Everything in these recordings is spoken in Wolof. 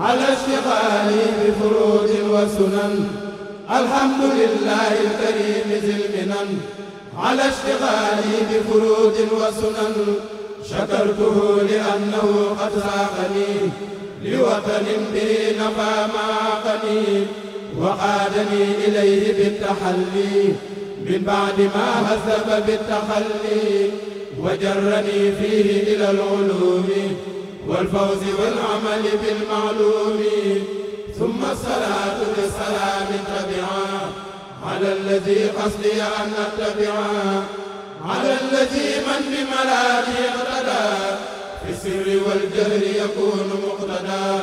على اشتغالي بفروض وسنن الحمد لله الكريم ذي المنن على اشتغالي بفروض وسنن شكرته لأنه قد ساقني لوطن به نفى معقني وقادني إليه بالتحلي من بعد ما هذب بالتخلي وجرني فيه إلى العلوم والفوز والعمل بالمعلوم ثم الصلاة بسلام تبعا على الذي قصدي أن أتبعا على الذي من بملاذي اقتدى في السر والجهر يكون مقتدى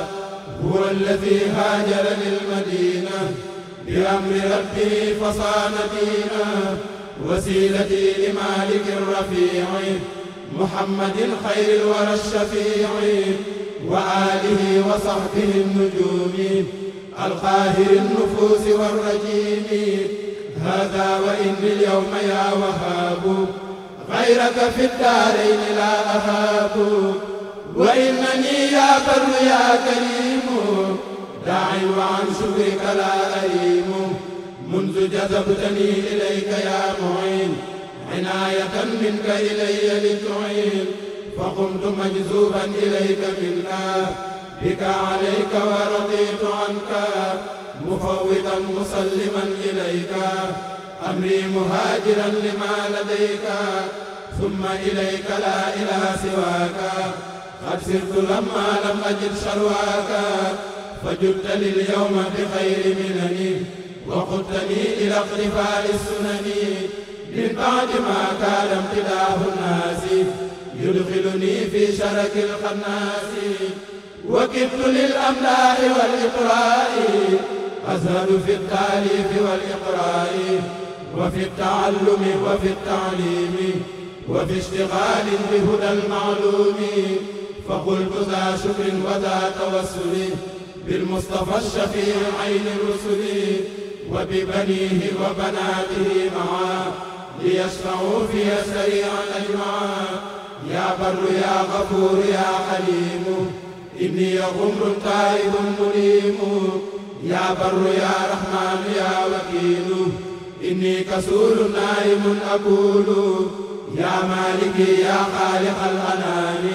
هو الذي هاجر للمدينة بأمر ربه فصان دينا وسيلتي لمالك الرفيع محمد خير الورى الشفيع وآله وصحبه النجوم القاهر النفوس والرجيم هذا وإني اليوم يا وهاب غيرك في الدارين لا أهاب وإنني يا بر يا كريم داعي وعن شكرك لا أريم منذ جذبتني إليك يا معين عناية منك إلي لتعين فقمت مجذوبا إليك منا بك عليك ورضيت عنك مفوضا مسلما إليك أمري مهاجرا لما لديك ثم إليك لا إله سواك قد سرت لما لم أجد شرواك فجدت لليوم بخير منني وقدتني إلى اقتفال السنن من بعد ما كان امتداه الناس يدخلني في شرك الخناس وكدت للأملاح والإقراء أزهد في التأليف والإقراء وفي التعلم وفي التعليم وفي اشتغال بهدى المعلوم فقلت ذا شكر وذا توسل بالمصطفى الشفيع عين الرسل وببنيه وبناته معا ليشفعوا في سريعا أجمعا يا بر يا غفور يا حليم إني غمر تائب مليم يا بر يا رحمن يا وكيل إني كسول نائم أقول يا مالك يا خالق الأنام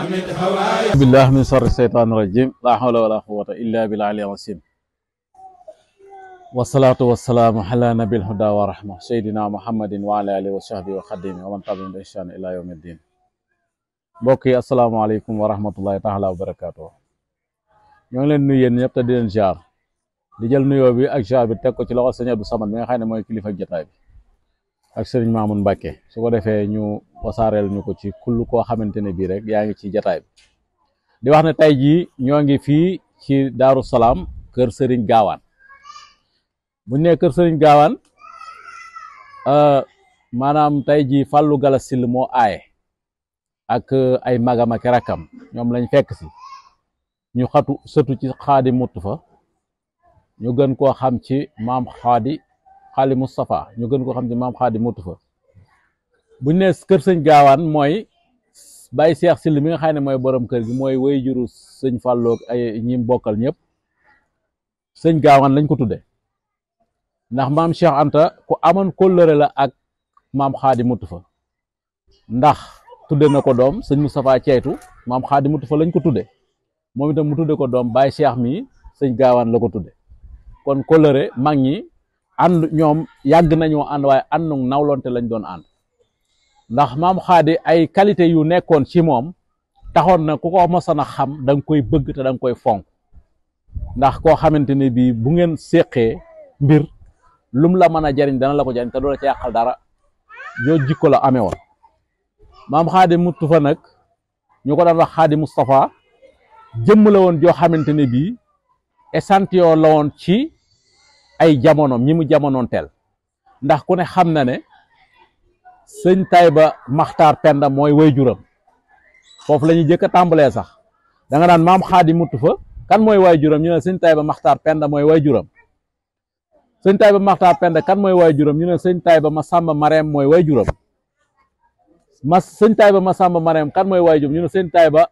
أمد هواي بالله من شر الشيطان الرجيم لا حول ولا قوة إلا بالعلي العظيم wasalaatu wasalaamu ala nabil huda wa rahma seydina muhammadin wa alihi wa sahbi wa xadimi wa man tabiin bi ihsaan ila yawmi yi asalaamaaleykum wa rahmatullahi taala wa barakaatu ñoo leen nuyu yéen ñëpp te di di jël nuyoo bi ak jaar teg ko ci loxo sëñ Abdou Samad mi nga xam ne mooy kilifa jotaay bi ak sëriñ Mamoun Mbacke su ko defee ñu wasaareel ñu ko ci kull koo xamante ne bii rek yaa ngi ci jotaay di wax ne tey jii ñoo ngi fii ci Daaru Salaam kër Serigne Gaawaan buñ ne kër sëriñ gaawaan euh, maanaam tey ji fàllu gala sill moo aaye ak euh, ay magam ak rakkam ñoom lañ fekk ñu xatu sëtu ci xaadi mutt fa ñu gën koo xam ci maam xaadi xaali Moustapha ñu gën koo xam ci maam xaadi mutt fa buñ ne kër sëñ gaawaan mooy bàyyi seex sill mi nga xam ne mooy borom kër gi mooy woy juru sëñ fàlloog ay ñim bokkal ñëpp sëñ gaawaan lañ ko tudde ndax maam Cheikh Anta ku amoon kóllëre la ak maam Xaadi Mutu fa ndax tudde na ko doom sëñ Moustapha Ceytu maam Xaadi Mutu fa lañ ko tudde moom itam mu tudde ko doom bay Cheikh mii sëñ Gaawaan la ko tudde kon kóllëre mag ñi ànd ñoom nañu nañoo ànd waaye àndu nawlonte lañ doon ànd ndax maam Xaadi ay qualité yu nekkoon ci moom taxoon na ku ko mosoon a xam da koy bëgg te da koy fonk ndax koo xamante ne bii bu ngeen séqee mbir lum la mën a jariñ dana la ko jariñ te doo la ca yàqal dara joo jikko la amee woon maam xaadim muttu fa nag ñu ko daan wax xaadim Moustapha jëmm la woon joo xamante ne bii échantillon la woon ci ay jamonoom ñi mu jamonoon ndax ku ne xam na ne sëñ Tayba Maxtaar Penda mooy way juram foofu la ñu jëkk a tàmbalee sax da nga naan maam xaadim muttu fa kan mooy waajuram ñu ne sëñ Tayba Maxtaar Penda mooy way juram sëñ Taïba Maxta Penda kan mooy waay juróom ñu ne sëñ Taïba Masamba Mareem mooy waay juróom ma sëñ Taïba Masamba Mareem kan mooy waay juróom ñu ne sëñ Taïba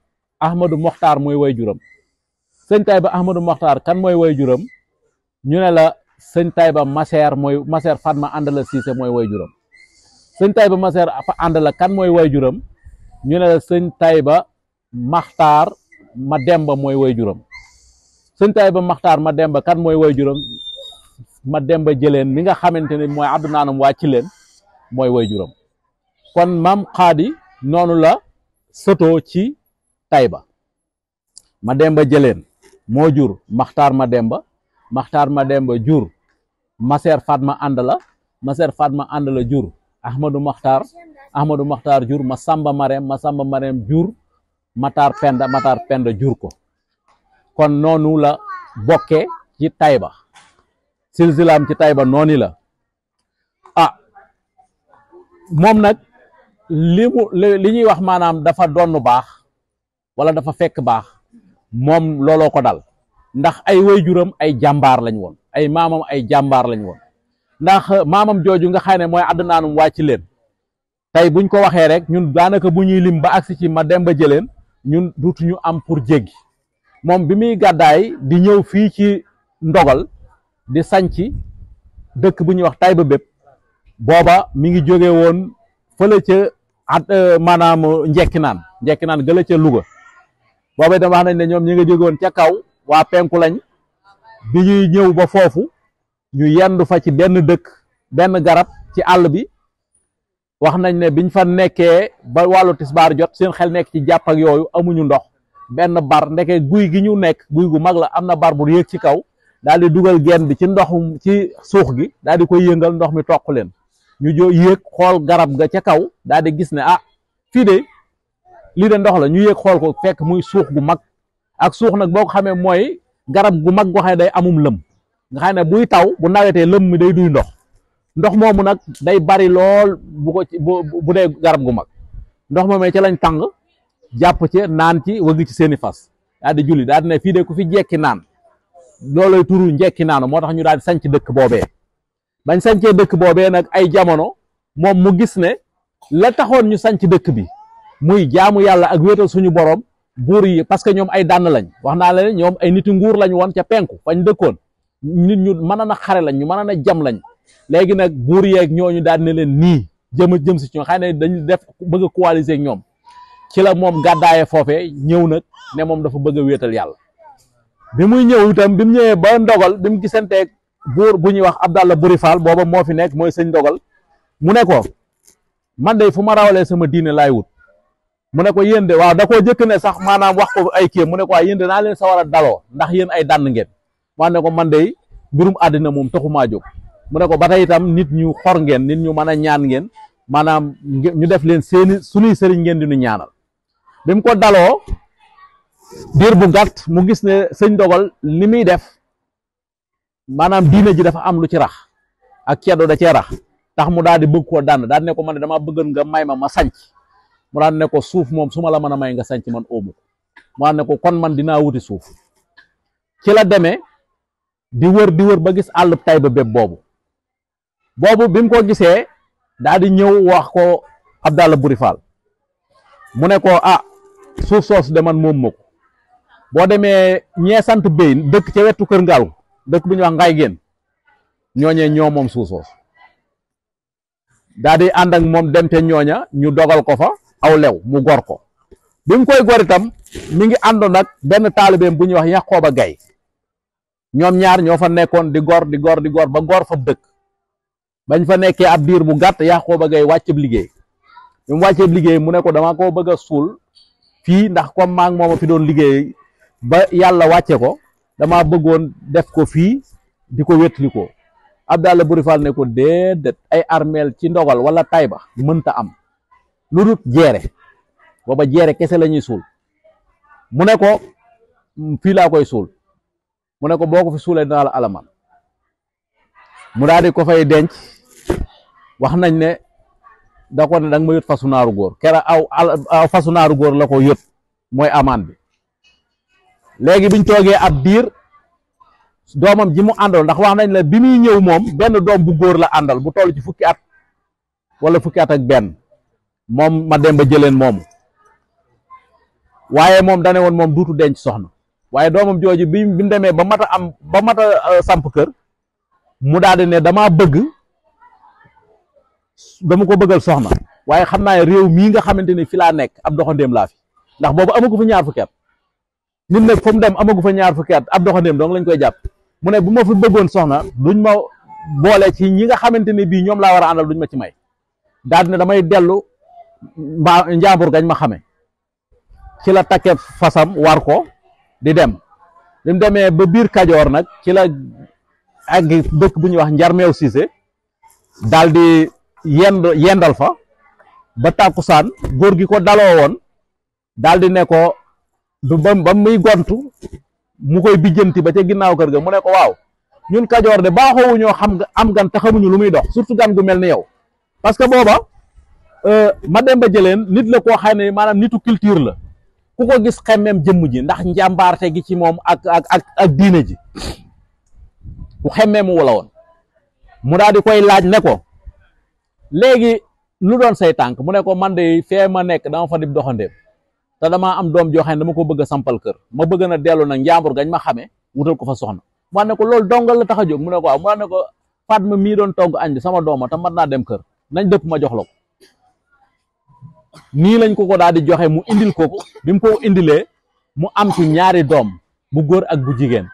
Ahmadou Mokhtar mooy waay juróom sëñ Taïba Ahmadou Mokhtar kan mooy waay juróom ñu ne la sëñ Taïba Maseer mooy Maseer Fatma Andala Cissé mooy waay juróom sëñ Taïba Maseer Andala kan mooy waay juróom ñu ne la sëñ Taïba Maxtaar Mademba mooy waay juróom sëñ Taïba Maxtaar Mademba kan mooy waay juróom ma demba jëleen mi nga xamante ne mooy addunaanam waa ci leen mooy way juram kon maam xaadi noonu la sëtoo ci Tayba ma demba jëleen moo jur maxtaar ma demba maxtaar ma demba jur maseer ma ànd la maseer fatma ànd la jur ahmadou maxtaar ahmadou maxtaar jur ma samba mareem ma samba mareem jur mataar penda mataar penda jur ko kon noonu la bokke ci Tayba silsilaam ci Taïba noonu la ah moom nag li ñuy wax maanaam dafa donn baax wala dafa fekk baax moom looloo ko dal ndax ay wejuram ay jàmbaar lañ woon ay maamam ay jàmbaar lañ woon ndax maamam jooju nga xam ne mooy àddinaanum wàcc leen tey buñ ko waxee rek ñun daanaka bu ñuy lim ba agsi ci ma dem ba jëleen ñun duutu ñu am pour jéggi moom bi muy gàddaay di ñëw fii ci ndogal di sanc dëkk bu ñuy wax Taïba bépp booba mi ngi jóge woon fële ca at euh, maanaam euh, njekki naan njekki naan gëla ca Louga booba itam wax nañ ne ñoom ñi nga jóge woon ca kaw waa penku lañ bi ñuy ñëw ba foofu ñu yend fa ci benn dëkk benn garab ci àll bi wax nañ ne biñ fa nekkee ba wàllu tisbaar jot seen xel nekk ci jàpp ak yooyu amuñu ndox benn bar ndeke guy gi ñu nekk guy gu mag la am na bar bu yéeg ci kaw daal di dugal genn bi ci ndoxum ci suux gi daal di koy yëngal ndox mi toq leen ñu jo yéeg xool garab ga ca kaw daal di gis ne ah fii de lii de ndox la ñu yéeg xool ko fekk muy suux gu mag ak suux nag boo ko xamee mooy garab gu mag goo xam ne day amum lëm nga ne buy taw bu nawetee lëm mi day duy ndox ndox moomu nag day bari lool bu ko bu dee garab gu mag ndox moomee ca lañ tàng jàpp ci naan ci wëgg ci seeni fas daal di julli daal di fii de ku fi jekki naan loolay turu njekki naano moo tax ñu daal di sanc dëkk boobee bañ sancee dëkk boobee nag ay jamono moom mu gis ne la taxoon ñu sanc dëkk bi muy jaamu yàlla ak wéetal suñu borom buur yi parce que ñoom ay dànn lañ wax naa la ñoom ay niti nguur lañ woon ca penku fañ dëkkoon nit ñu mën na xare lañ ñu mën na jam lañ léegi nag buur yeeg ñooñu ñu daan leen nii jëm a jëm si ci ñoom xam ne dañu def bëgg a coaliser ñoom ci la moom gàddaaye foofe ñëw nag ne moom dafa bëgg a wéetal yàlla bi muy ñëw itam bi mu ñëwee ba ndogal bi mu gisanteeg buur bu ñuy wax Abdallah Buri Faal booba moo fi nekk mooy sëñ ndogal mu ne ko man de fu ma rawalee sama diine laay wut mu ne ko yéen de waaw da koo ne sax maanaam wax ko ay kii mu ne ko waaw yéen naa leen sa war a daloo ndax yen ay dànn ngeen maa ne ko man dey mbirum àddina moom taxumaa jóg mu ne ko ba tey itam nit ñu xor ngeen nit ñu mën a ñaan ngeen maanaam ñu def leen seeni suñuy sëriñ ngeen di ñu ñaanal bi ko diir bu gàtt mu gis ne sëñ dogal li muy def maanaam diine ji dafa am lu ci rax ak ceddo da cee rax tax mu daal di bëgg koo dànn daal ne ko man ne damaa bëggoon nga may ma ma sanc mu daan ne ko suuf moom su ma la mën may nga sanc man óomu mu daan ne ko kon man dinaa wuti suuf ci la demee di wër di wër ba gis àll tay ba bépp boobu boobu bi mu ko gisee daal di ñëw wax ko Abdalla Buri Fall mu ne ko ah suuf soosu de man moom ma boo demee ñee sant béy dëkk ca wetu kër ngaaw dëkk bu ñuy wax ngay géen ñooñee ñoo moom suusoo daal di ànd ak moom dem ca ñooña ñu dogal ko fa aw lew mu gor ko bi mu koy gor itam mi ngi àndoon nag benn taalibeem bu ñuy wax ba Gay ñoom ñaar ñoo fa nekkoon di gor di gor di gor ba gor fa dëkk bañ fa nekkee ab diir bu gàtt Yaxooba Gay wàcceb liggéey bi mu liggéey mu ne ko dama ko bëgg a suul fii ndax comme maa ngi moom a fi doon liggéey ba yàlla wàcce ko dama bëggoon def ko fii di ko wétli ko Abdallah Buri Fall ne ko déedéet ay armeel ci ndogal wala Tayba mënta am lu dut jeere booba jeere kese la ñuy suul mu ne ko hmm, fii laa koy suul mu ne ko boo ko fi suulee dinaa la alamal mu daal ko fay denc wax nañ ne da ko ne danga ma yót fasu naaru góor kera aw fasu naaru góor la ko yót mooy amaan bi léegi biñ toogee ab diir doomam ji mu àndal ndax wax nañ la bi muy ñëw moom benn doom bu góor la àndal bu toll ci fukki at wala fukki at ak benn moom ma dem ba jëleen moomu waaye moom dane woon moom duutu denc soxna waaye doomam jooju bi mu demee ba mat a am ba mat a uh, samp kër mu daal di ne damaa bëgg dama ko bëggal soxna waaye xam naa réew mii nga xamante ne fi laa nekk ab doxandéem laa fi ndax boobu amu ko fi ñaar fukki at nit nag fa mu dem amagu fa ñaar fukki at ab doxandéem dong lañ koy jàpp mu ne bu ma fi bëggoon soxna duñ ma boole ci ñi nga xamante ne bii ñoom laa war a àndal duñ ma ci may daal di ne damay dellu mbaa njaambur gañ ma xame ci la takke fasam war ko di dem bi mu demee ba biir kajoor nag ci la ak dëkk bu ñuy wax njarmeew siise daal di yendal fa ba tàkkusaan góor gi ko daloo woon daal di ne ko du ba ba muy gontu mu koy bijjanti ba ca ginnaaw kër ga mu ne ko waaw ñun kajoor de baaxoowu ñoo xam am gan te lu muy dox surtout gan gu mel ni yow parce que booba euh, ma dem ba jëleen nit la koo xane ne maanaam nitu culture la ku ko gis xemmeem jëmm ji ndax njàmbaarte gi ci moom ak ak ak ak diine ji ku xemmeemu wala woon mu daal di koy laaj ne ko léegi lu doon say tànk mu ne ko man de fee ma nekk dama fa dib doxandeem te damaa am doom joo dama ko bëgg sampal kër ma bëgg na dellu na njaambur gañ ma xamee wutal ko fa soxna mu ne ko lool dongal la tax a jóg mu ne ko waaw mu ne ko Fatma doon togg añ sama dooma te naa dem kër nañ dëpp ma jox la ko nii lañ ko ko daal di joxe mu indil ko ko bi mu ko indile mu am ci ñaari doom bu góor ak bu jigéen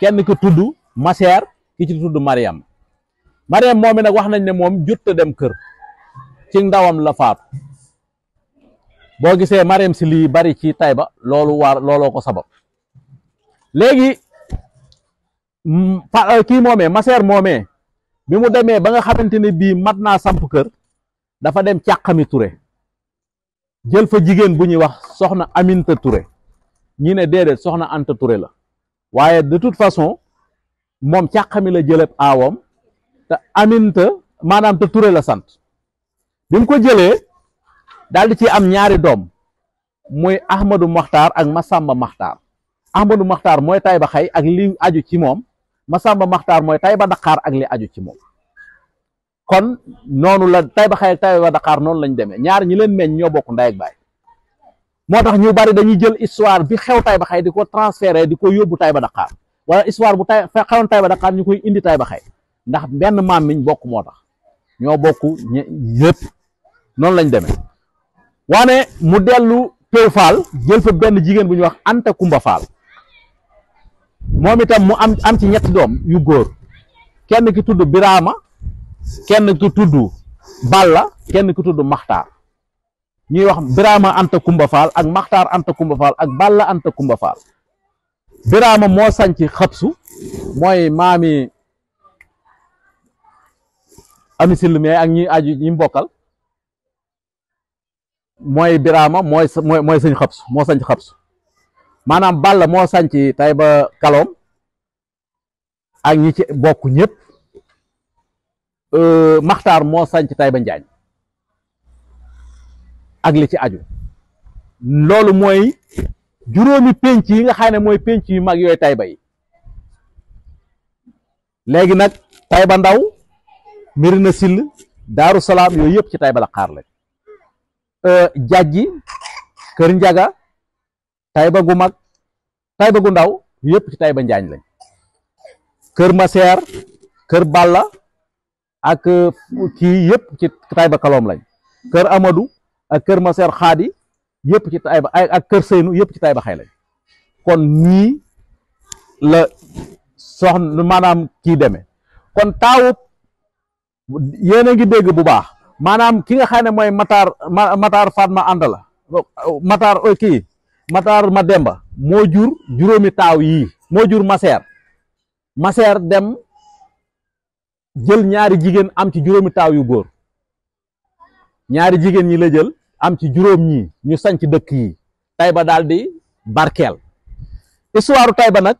kenn ku tudd Maseer ki ci tudd Mariam Mariam moom mi wax nañ ne moom jot dem kër ci ndawam la faatu boo gisee Marème si lii bari ci ba loolu waar looloo ko sabab léegi mm, euh, kii moomee Maseer moomee bi mu demee ba nga xamante ne bii mat naa samp kër dafa dem càqami Touré jël fa jigéen bu ñuy wax soxna Aminta Touré ñi ne déedéet soxna Anta Touré la waaye de toute façon moom càqami la jëleb aawam te Aminta maanaam te Touré la sant bi mu ko jëlee daal di ci am ñaari doom muy Ahmadou Mokhtar ak Massamba Mokhtar Ahmadou Mokhtar mooy Taïba Xay ak li aju ci moom Massamba Mokhtar mooy Taïba Dakar ak li aju ci moom kon noonu la Taïba Xay ak Taïba Dakar noonu lañ demee ñaar ñi leen meññ ñoo bokk ndey ak baay moo tax ñu bari dañuy jël histoire bi xew Taïba di ko transféré di ko yóbbu Taïba Dakar wala histoire bu tay xewoon Taïba Dakar ñu koy indi Taïba ndax benn maam miñ bokk moo tax ñoo bokk ñëpp noonu lañ demee waane mu dellu Pew Faal jël fa benn jigéen bu ñuy wax Anta Kumba Faal moom itam mu am am ci ñetti doom yu góor kenn ki tudd Biraama kenn ki tuddu Balla kenn ki tudd Maxtaar ñuy wax birama Anta Kumba Faal ak Maxtaar Anta Kumba Faal ak Balla Anta Kumba Faal Biraama moo sanc xabsu mooy maami ami silmi ak ñi aju ñi mbokkal mooy Birama mooy mooy mooy sëñ xabsu moo sanc xabsu maanaam Balla moo sanc Tayba Kalom ak ñi ci bokk ñëpp euh, Maxtaar moo sanc Tayba Njaañ ak li ci aju loolu mooy juróomi penc yi nga xam ne mooy penc yu mag yooyu Tayba yi léegi nag Tayba Ndaw Mirina Sill Daaru Salaam yooyu yëpp ci Tayba la xaar lañ Euh, jajji kër njaga tayba gu mag tayba gu ndaw yëpp ci tayba njaañ lañ kër maseer kër balla ak euh, kii yëpp ci tayba kaloom lañ kër amadou ak kër maseer xaadi yëpp ci tayba ak kër seynu yëpp ci tayba xay lañ kon nii la soxna maanaam kii deme kon taawub yéen a ngi dégg bu baax maanaam ki nga xam ne mooy Matar Matar Fatma ànd la Matar kii Matar Mademba moo jur juróomi taaw yi moo jur Maseer Maseer dem jël ñaari jigéen am ci juróomi taaw yu góor ñaari jigéen ñi la jël am ci juróom ñi ñu sañc dëkk yi Tayba daal di barkeel histoire Tayba nag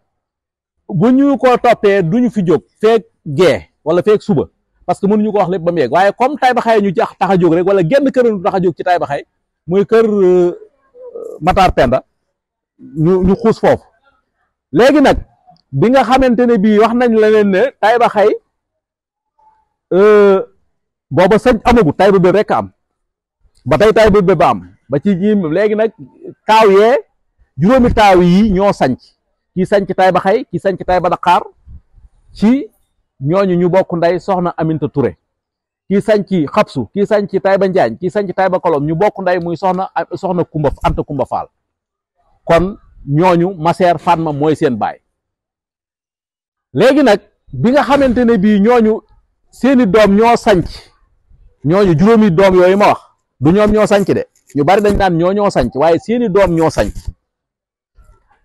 bu ñu ko toppee duñu fi jóg feeg gee wala feeg suba parce que mënuñu ko wax lépp ba mu yegg waaye comme Taïba Xaye ñu tax a jóg rek wala genn kër lu tax a jóg ci Taïba Xaye muy kër euh, Matar Penda ñu xuus foofu léegi nag bi nga xamante ne bii wax nañ la leen ne Taïba Xaye euh, booba sëñ amagu Taïba bi rek am ba tey Taïba bi ba am ba ci ji léegi nag taaw yee juróomi taaw yi ñoo sanc kii sanc Taïba ki kii sanc Taïba Dakar ci ñooñu ñu bokk nday soxna Aminta Touré kii sànci Xabsu kii sànci Taïba Njaañ kii sànci Taïba Kolom ñu bokku nday muy soxna soxna Kumba Anta Kumba Faal kon ñooñu Maseer Fatma mooy seen baay léegi nag bi nga xamante ne bii ñooñu seeni doom ñoo sanc ñooñu juróomi doom yooyu ma wax du ñoom ñoo sanc de ñu bari dañ naan ñoo ñoo sanc waaye seeni doom ñoo sanc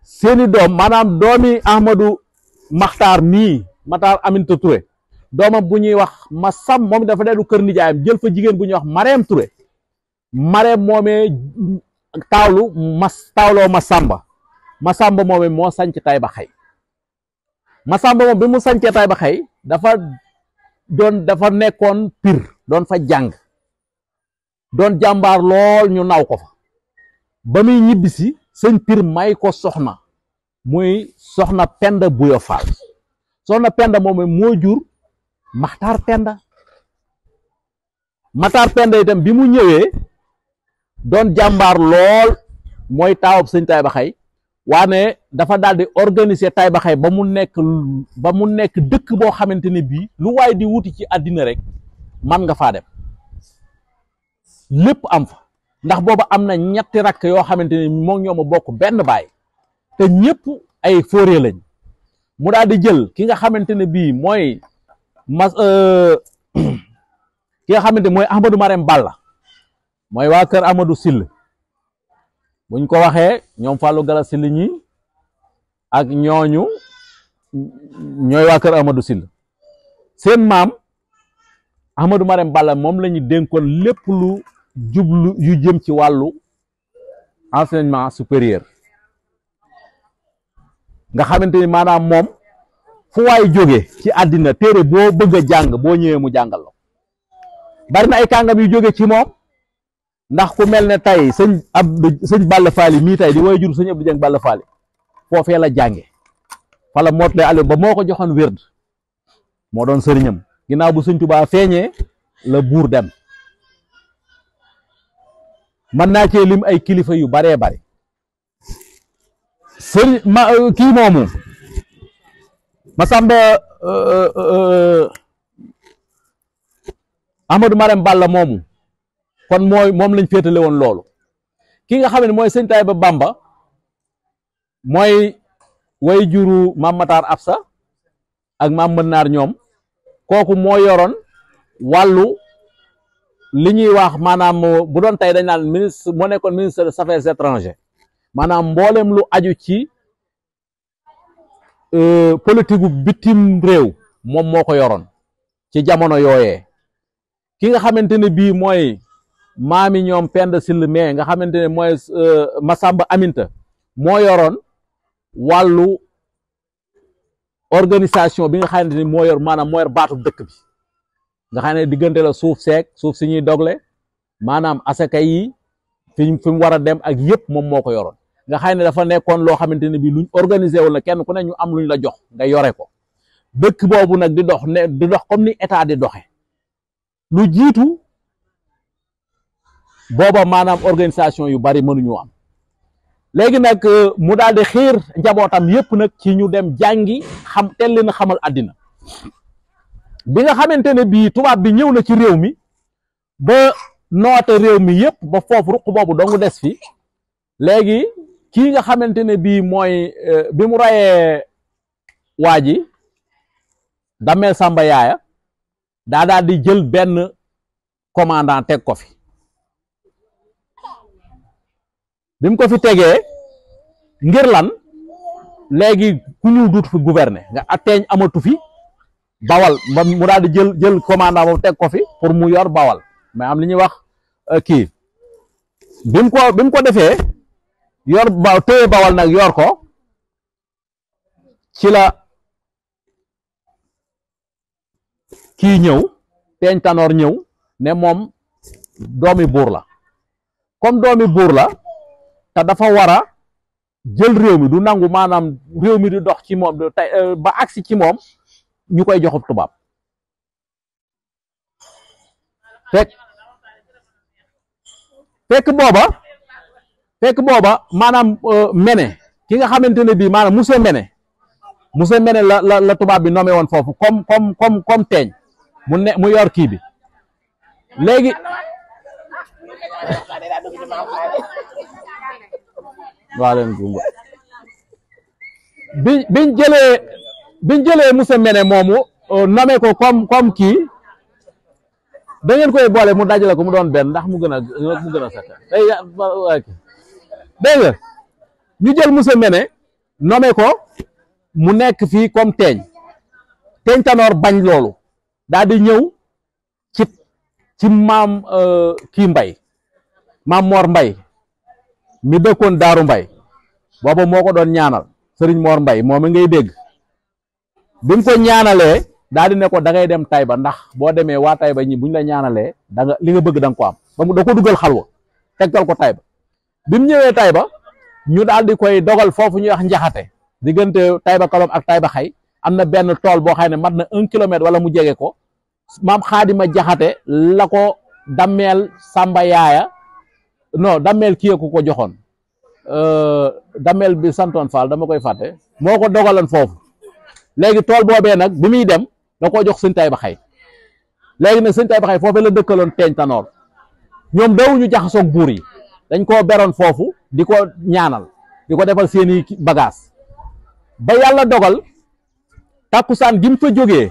seeni doom maanaam doomi Ahmadu Maxtaar mii Matar Aminta Touré doomam bu ñuy wax ma sam moom dafa dellu kër nijaayam jël fa jigéen bu ñuy wax Marème Touré Marème moomee taawlu mas taawloo ma sàmba ma sàmba moomee moo sanc tay ba xëy ma moom bi mu sancee tay ba xëy dafa doon dafa nekkoon pir doon fa jàng doon jàmbaar lool ñu naw ko fa ba muy ñibbisi sëñ pir may ko soxna muy soxna Penda Buyo Fall soxna penda moom moo jur maxtaar penda maxtaar penda dem bi mu ñëwee doon jàmbaar lool mooy taawab sëñ Taïba Xay waane dafa dal di organiser Taïba Xay ba mu nekk ba mu nekk dëkk boo xamante ne bii lu waaye di wuti ci àddina rek man nga faa dem lépp am fa ndax booba am na ñetti rakk yoo xamante ne moom ñoo bokk benn baay te ñépp ay fóoree lañ mu daal di jël ki nga xamante ne bii mooy mas euh, ki nga xamante mooy Ahmadou Marème Balla mooy waa kër Amadou Sill buñ ko waxee ñoom Fallou Gala Sill ñi ak ñooñu ñooy waa kër sil Sill seen maam Ahmadou Marème Balla moom la ñu dénkoon lépp lu jublu yu jëm ci wàllu enseignement supérieur nga xamante ni maanaam moom fu waay jóge ci àddina téere boo bëgg a boo ñëwee mu jàngal la bari na ay kàngam yu jóge ci moom ndax ku mel ne tey sëñ Abdou sëñ Balla Faali mii tey di woy jur sëñ Abdou Dieng Balla Faali foofee la jànge fala moot lay ba moo ko joxoon wérd moo doon sëriñam ginnaaw bu sëñ Tuubaa feeñee la buur dem mën naa cee lim ay kilifa yu baree bari sëñ ma euh, kii moomu Masamba euh, euh, Amadou Marème Balla moomu kon mooy moom lañ féetale woon loolu kii nga xam ne mooy sëñ ba Bamba mooy way juru maam Matar Absa ak maam mën naar ñoom kooku moo yoroon wàllu li ñuy wax maanaam bu doon tey dañ naan ministre moo nekkoon ministre des affaires étrangères maanaam mboolem lu aju ci euh, politique gu bitim réew moom moo ko yoroon ci jamono yooye ki nga xamante ne bii mooy maami ñoom Penda Syll mais nga xamante ne mooy euh, Masamba Aminta moo yoroon wàllu organisation bi nga xamante ni moo yor maanaam moo yor baatu dëkk bi nga xam ne diggante la suuf seek suuf si ñuy dogle maanaam asaka yi fi fi mu war a dem ak yëpp moom moo ko yoroon nga xam ne dafa nekkoon loo xamante ne bii luñ organisé wul na kenn ku ne ñu am luñ la jox nga yore ko dëkk boobu nag di dox ne di dox comme ni état di doxe lu jiitu booba maanaam organisation yu bari mënuñu am léegi nag euh, mu daal di xiir njabootam yépp nag ci ñu dem jàngi xam teel leen xamal àddina bi nga xamante ne bii tubaab bi ñëw na ci réew mi ba noote réew mi yépp ba foofu ruq boobu dong des fi léegi kii nga xamante ne bii mooy euh, bi mu rayee waa ji damel sàmba yaaya daa daal di jël benn commandant teg ko fi bi ko fi tegee ngir lan léegi ku ñuul duut fi gouverner nga atteeñ amatu fi bawal mu daal di jël jël commandant boobu teg ko fi pour mu yor bawal mais am li ñuy wax euh, kii bi mu ko defee yor ba téye bawal nag yor ko ci kii ñëw peeñ tanoor ñëw ne moom doomi buur la comme doomi buur la te dafa war jël réew mi du nangu maanaam réew mi di dox ci moom euh, ba agsi ci moom ñu koy joxub tubaab fekk fekk booba fekk booba maanaam euh, mene ki nga xamante ne bii maanaam monsieur mene monsieur mene la la la tubaab bi nommé woon foofu comme comme comme comme teeñ mu ne mu yor kii bi léegi waa bi biñ jële biñ jëlee monsieur Mene moomu euh, nommé ko comme comme kii koy boole mu dajale ko mu doon benn ndax mu gën a dégg nga ñu jël monsieur Mene nome ko mu nekk fii comme teeñ teeñ Tanor bañ loolu daal di ñëw ci ci maam euh, kii mbay maam Mor mbay mi dëkkoon daaru mbay boobu moo ko doon ñaanal sëriñ moor mbay moom ngay dégg bi mu ko ñaanalee daal di ne ko da ngay dem Taïba ndax boo demee waa Taïba ñi buñ la ñaanalee da nga li nga bëgg da nga ko am ba mu da ko dugal xalwa tegtal ko Taïba bi mu ñëwee Taïba ñu daal di koy dogal foofu ñuy wax njaxate diggante Taïba Kalom ak Taïba Xay am na benn tool boo xam ne mat na un kilomètre wala mu jege ko maam xaadima jaxate la ko dammeel Samba Yaaya non dammeel kii ku ko joxoon euh, dameel bi santoon Fall dama koy fàtte moo ko dogaloon foofu léegi tool boobee nag bu muy dem da ko jox sëñ Taïba Xay léegi nag sëñ Taïba Xay foofee la dëkkaloon teeñ tanoor ñoom dawuñu jaxasoog buur yi dañ koo beroon foofu di ko ñaanal di ko defal seeni bagage ba yàlla dogal tàkkusaan gi mu fa jógee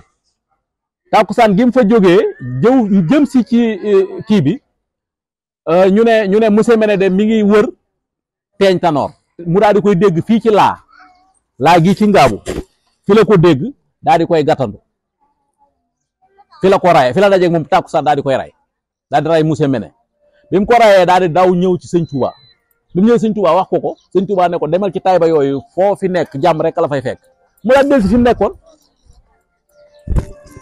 tàkkusaan gi fa jógee jëw jëm si ci e, kii bi e, ñu ne ñu ne monsieur Ménédé mi ngi wër teeñ tanoor mu daal di koy dégg fii ci laa laa gi ci ngaabu fi la ko dégg daal di koy gàttandu fi la ko ray fi la dajeeg moom tàkkusaan di koy ray daal di ray monsieur Ménédé bi mu ko rayee daal di daw ñëw ci sëñ Touba bi mu ñëw sëñ Touba wax ko ko sëñ Touba ne ko demal ci Taïba yooyu foo fi nekk jàmm rek la fay fekk mu daal dellu si fi nekkoon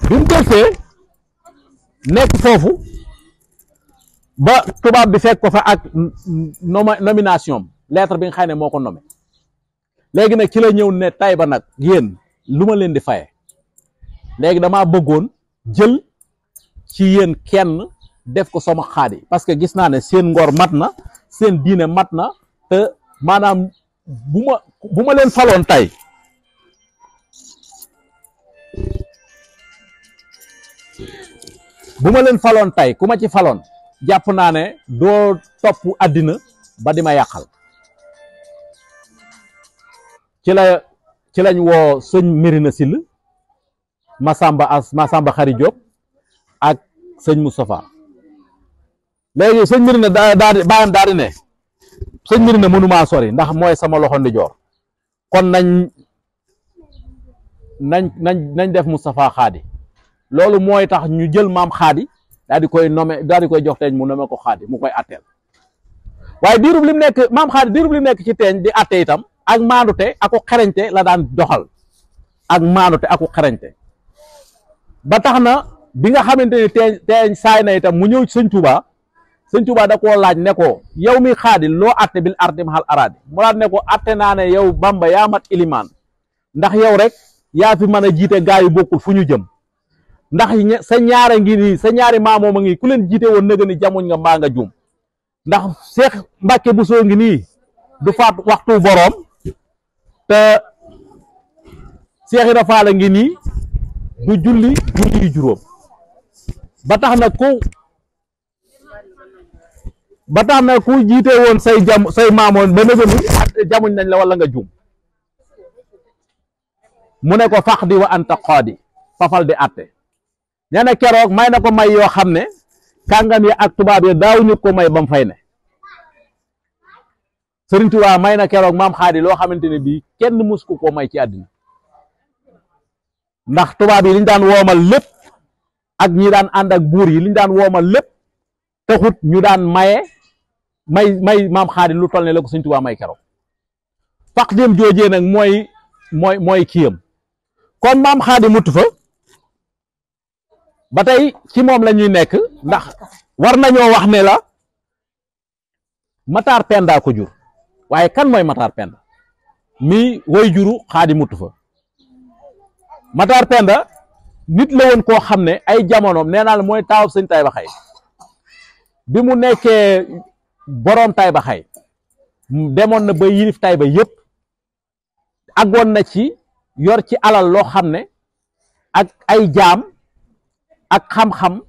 bi mu dellusee nekk foofu ba tubaab bi fekk ko fa ak nomination lettre bi nga ne moo ko nommé léegi nag ci la ñëw ne Taïba nag yéen lu ma leen di faye léegi damaa bëggoon jël ci yéen kenn. def ko sama xaadi parce que gis naa ne seen ngor mat na seen diine mat na te maanaam bu ma bu ma leen faloon tey bu ma leen faloon tey ku ma ci faloon jàpp naa ne doo topp àddina ba di ma yàqal ci la ci lañ woo sëñ Mérina Sill Masamba as Masamba Xari Diop ak sëñ Moustapha léegi sëñ mbir daa daa di bàyyam daa di ne sëñ mbir ne mënumaa sori ndax mooy sama loxo ndi joor kon nañ nañ nañ nañ def Moustapha xaadi loolu mooy tax ñu jël maam xaadi daal di koy nome daal di koy jox teeñ mu nome ko xaadi mu koy atteel waaye diirub li nekk maam xaadi diirub lim nekk ci teeñ di atte itam ak maandute aku xereñte la daan doxal ak maandute aku xereñte ba tax na bi nga xamante ni teeñ saay na itam mu ñëw ci sëñ Tuubaa sëñ Tuubaa da koo laaj ne ko yow mi xaadi loo atte bil ardi mahal araadi mu laaj ne ko atte naa ne yow Bamba yaa mat ilimaan ndax yow rek yaa mën a jiite gaa yu bokkul fu ñu jëm ndax sa ñaare ngi nii sa ñaari maamoom a ngi ku leen jiite woon nëga ni jamuñ nga mbaa nga juum ndax Seex Mbàkke bu soo ngi nii du faat waxtu boroom te Seex Ibra Faal ngi nii du julli juróom ba tax na ko ba tax na ku jiite woon say jam say maamoon ba nëgënu jamuñ nañ la walla nga juum mu ne ko fax di wa anta xoodi fafal di atte ña keroog may na ko may yoo xam ne kàngam yi ak tubaab yi daaw ñu ko may ba fay ne Sëriñ Tuubaa may na keroog maam xaadi loo xamante ne bii kenn mus ko koo may ci àddina ndax tubaab yi liñ daan woomal lépp ak ñi daan ànd ak buur yi liñ daan woomal lépp taxut ñu daan maye may may maam xaadim lu toll ne la ko sëñ Tuubaa may keroog faq dem joojee nag mooy mooy mooy kiyam kon maam xaadim mutu fa ba tey ci moom la ñuy nekk ndax war nañoo wax ne la mataar pendaa ko jur waaye kan mooy mataar penda mi way juru xaadi mutu fa mataar penda nit la woon koo xam ne ay jamonoom ne naa la mooy taawab sëñtaay tay waxay bi mu nekkee boroom Tayba xay demoon na ba yilif Tayba yëpp àggoon na ci yor ci alal loo xam ne ak ay jaam ak xam-xam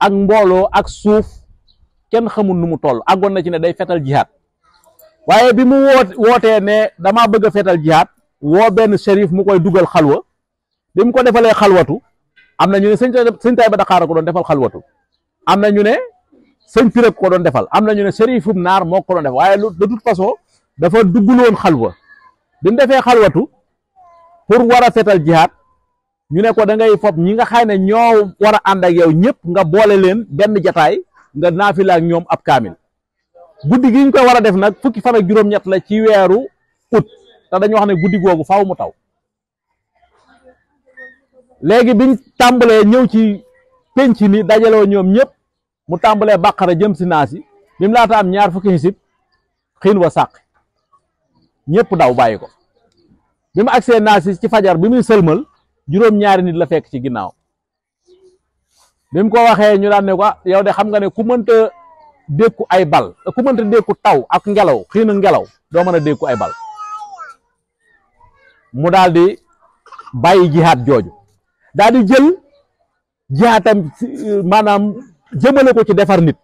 ak mbooloo ak suuf kenn xamul nu mu toll agoon na ci ne day fetal jihaat waaye bi mu woot wootee ne damaa bëgg fetal jihaat woo benn shérif mu koy dugal xalwa bi mu ko defalee xalwatu am na ñu ne sëñ Tayba Dakaar ko doon defal xalwatu am na ñu ne sëñ Pire ko doon defal am na ñu ne sérifum naar moo ko doon def waaye de toute façon dafa duggul woon xalwa bi mu defee xalwatu pour war a jihaat ñu ne ko da ngay fob ñi nga xay ne ñoo war a ànd ak yow ñëpp nga boole leen benn jataay nga naafila ak ñoom ab kaamil guddi gi ñu koy war a def nag fukki fan ak juróom-ñett la ci weeru ut te dañu wax ne guddi googu faw mu taw léegi biñ tàmbalee ñëw ci penc ni dajaloo ñoom ñëpp. mu tàmbalee bàqara jëm si naas yi bi mu laata am ñaar fukki xisib xiin wa sàq ñëpp daw bàyyi ko bi mu agsee naasi ci fajar bi muy sëlmal juróom-ñaari nit la fekk ci ginnaaw bi ko waxee ñu daan ne ko ah, yow de xam nga ne ku mënta dékku ay bal ku mënta dékku taw ak ngelaw xiin ngelaw doo mën a dékku ay bal mu daal di bàyyi jihaat jooju daal di jël jihaatam maanaam jëmale ko ci defar nit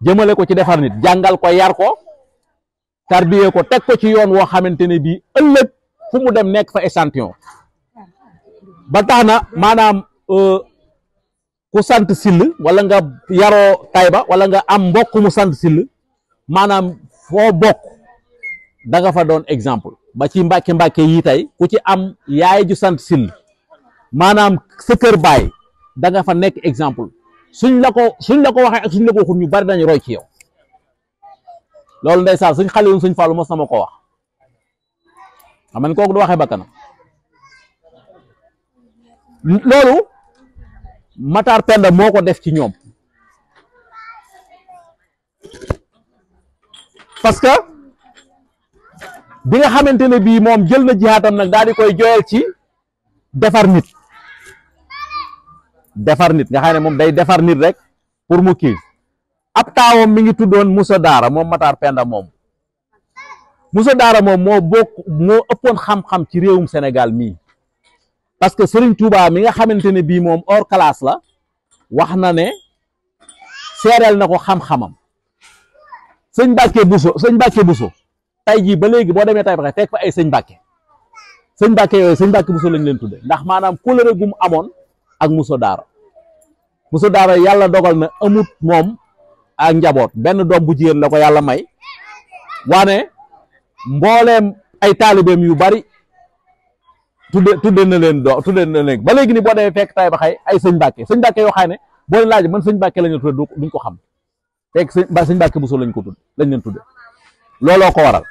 jëmale ko ci defar nit jàngal ko yar ko tarbiyee ko teg ko ci yoon woo xamante ne bii ëllëg fu mu dem nekk fa échantillon bataana maanaam euh, ku sant sill wala nga yaroo Tayba wala nga am mbokk mu sant sil maanaam foo bokk da nga fa doon exemple ba ci mbàkke mbake yi tey ku ci am yaay ju sant sil maanaam sa kër baay da nga fa nekk exemple suñ la ko suñ la ko waxee ak suñ la ko waxul ñu bari dañu roy ci yow loolu ndeysaan suñ xaliwun suñ faalu mos na ma ko wax xam nga kooku du waxee bakkana loolu Matar Penda moo ko def ci ñoom parce que bi nga xamante ne bii moom jël na jihaatam nag daal di koy joyal ci defar nit defar nit nga xam ne moom day defar nit rek pour mu kii ab taawam mi ngi tuddoon Moussa Daara moom mataar Penda moom Moussa Daara moom moo bokk moo ëppoon xam-xam ci réewum senegal mii parce que Serigne Touba mi nga xamante ne bii moom hors classe la wax na ne seereel na ko xam-xamam sëñ Mbàkke Buso sëñ Mbàkke Buso tey jii ba léegi boo demee tay baxe fekk fa ay sëñ Mbàkke sëñ Mbàkke yooyu sëñ Mbàkke Buso lañ leen tudde ndax maanaam kóllëre gum amoon ak Moussa Daara muso Daara yàlla dogal na amut moom ak njaboot benn doom bu jigéen la ko yàlla may waane mbooleem ay taalibeem yu bari tudde tudde na leen doo tudde na leen ba léegi ni boo demee fekk tay ba xay ay sëñ Mbàkke sëñ Mbàkke yoo xam ne boo leen laaj man sëñ Mbàkke lañu tudde duñ ko xam fekk sëñ Mbàkke Bousso lañ ko tudd lañ leen tudde looloo ko waral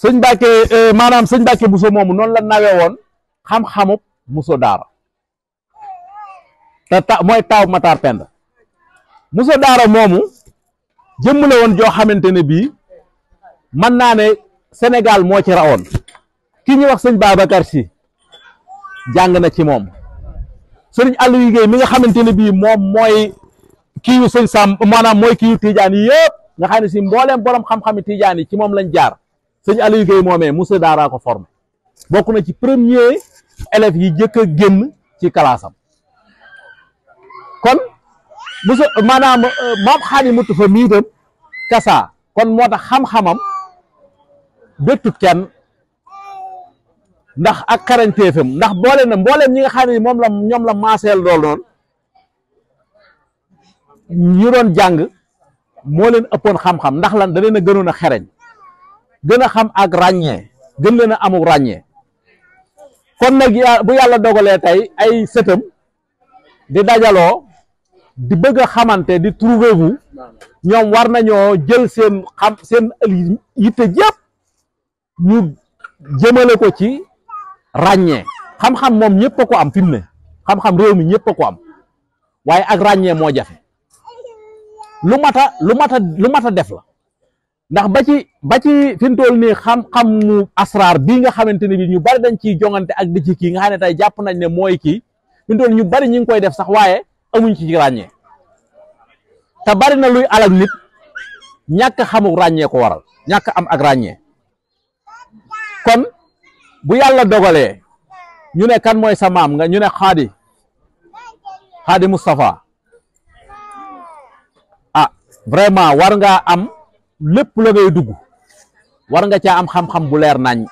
sëñ Mbàkke euh, maanaam sëñ Mbàkke Bousso moomu noonu la nawe woon xam-xamub Bousso Daara te mooy taaw Matar Penda Bousso Daara moomu jëmm la woon joo xamante ne bii mën naa ne Sénégal moo ci rawoon ki ñuy wax sëñ Babacar Si jàng na ci moom sëriñ Aliou Guèye mi nga xamante ne bii moom mooy kii yu sëñ Sam maanaam mooy kii yu Tijaan yi yëpp nga xam ne si mbooleem borom xam-xami Tijaan ci moom lañ jaar sëñ Aliou Guèye moomee Moussa Daara ko form bokk na ci premier élèves yi jëkk a génn ci kalaasam kon Moussa maanaam euh, maam xaani mutu fa mii tam kon moo tax xam-xamam béttut kenn ndax ak xarañteefam ndax boole na mbooleem ñi nga xam moom la ñoom la maaseel lool noonu ñu doon jàng moo leen ëppoon xam-xam ndax lan da leen a gënoon a xereñ gën a xam ak ràññee gën leen a amul ràññee kon nag bu yàlla dogalee tey ay sëtam di dajaloo di bëgg a xamante di trouver vous ñoom war nañoo jël seen xam seen yitte jëpp ñu jëmale ko ci ràññee xam-xam moom ñëpp ko am fi mu ne xam mi ñëpp ko am waaye ak ràññee moo jafe lu mat a lu mat a lu mat a def la ndax ba ci ba ci fi xam-xam mu asraar bii nga xamante ne bi ñu bari dañ ciy jongante ak di ci kii nga xam ne tey jàpp nañ ne mooy kii fi mu ñu bari ñu ngi koy def sax waaye amuñ ci ràññee te bari na luy alal nit ñàkk xamuk ràññee ko waral ñàkk am ak ràññee kon bu yàlla dogalee ñu ne kan mooy sa maam nga ñu ne xaadi xaadi Moustapha a ah, vraiment war ngaa am. lépp la ngay dugg war nga caa am xam-xam bu leer nañ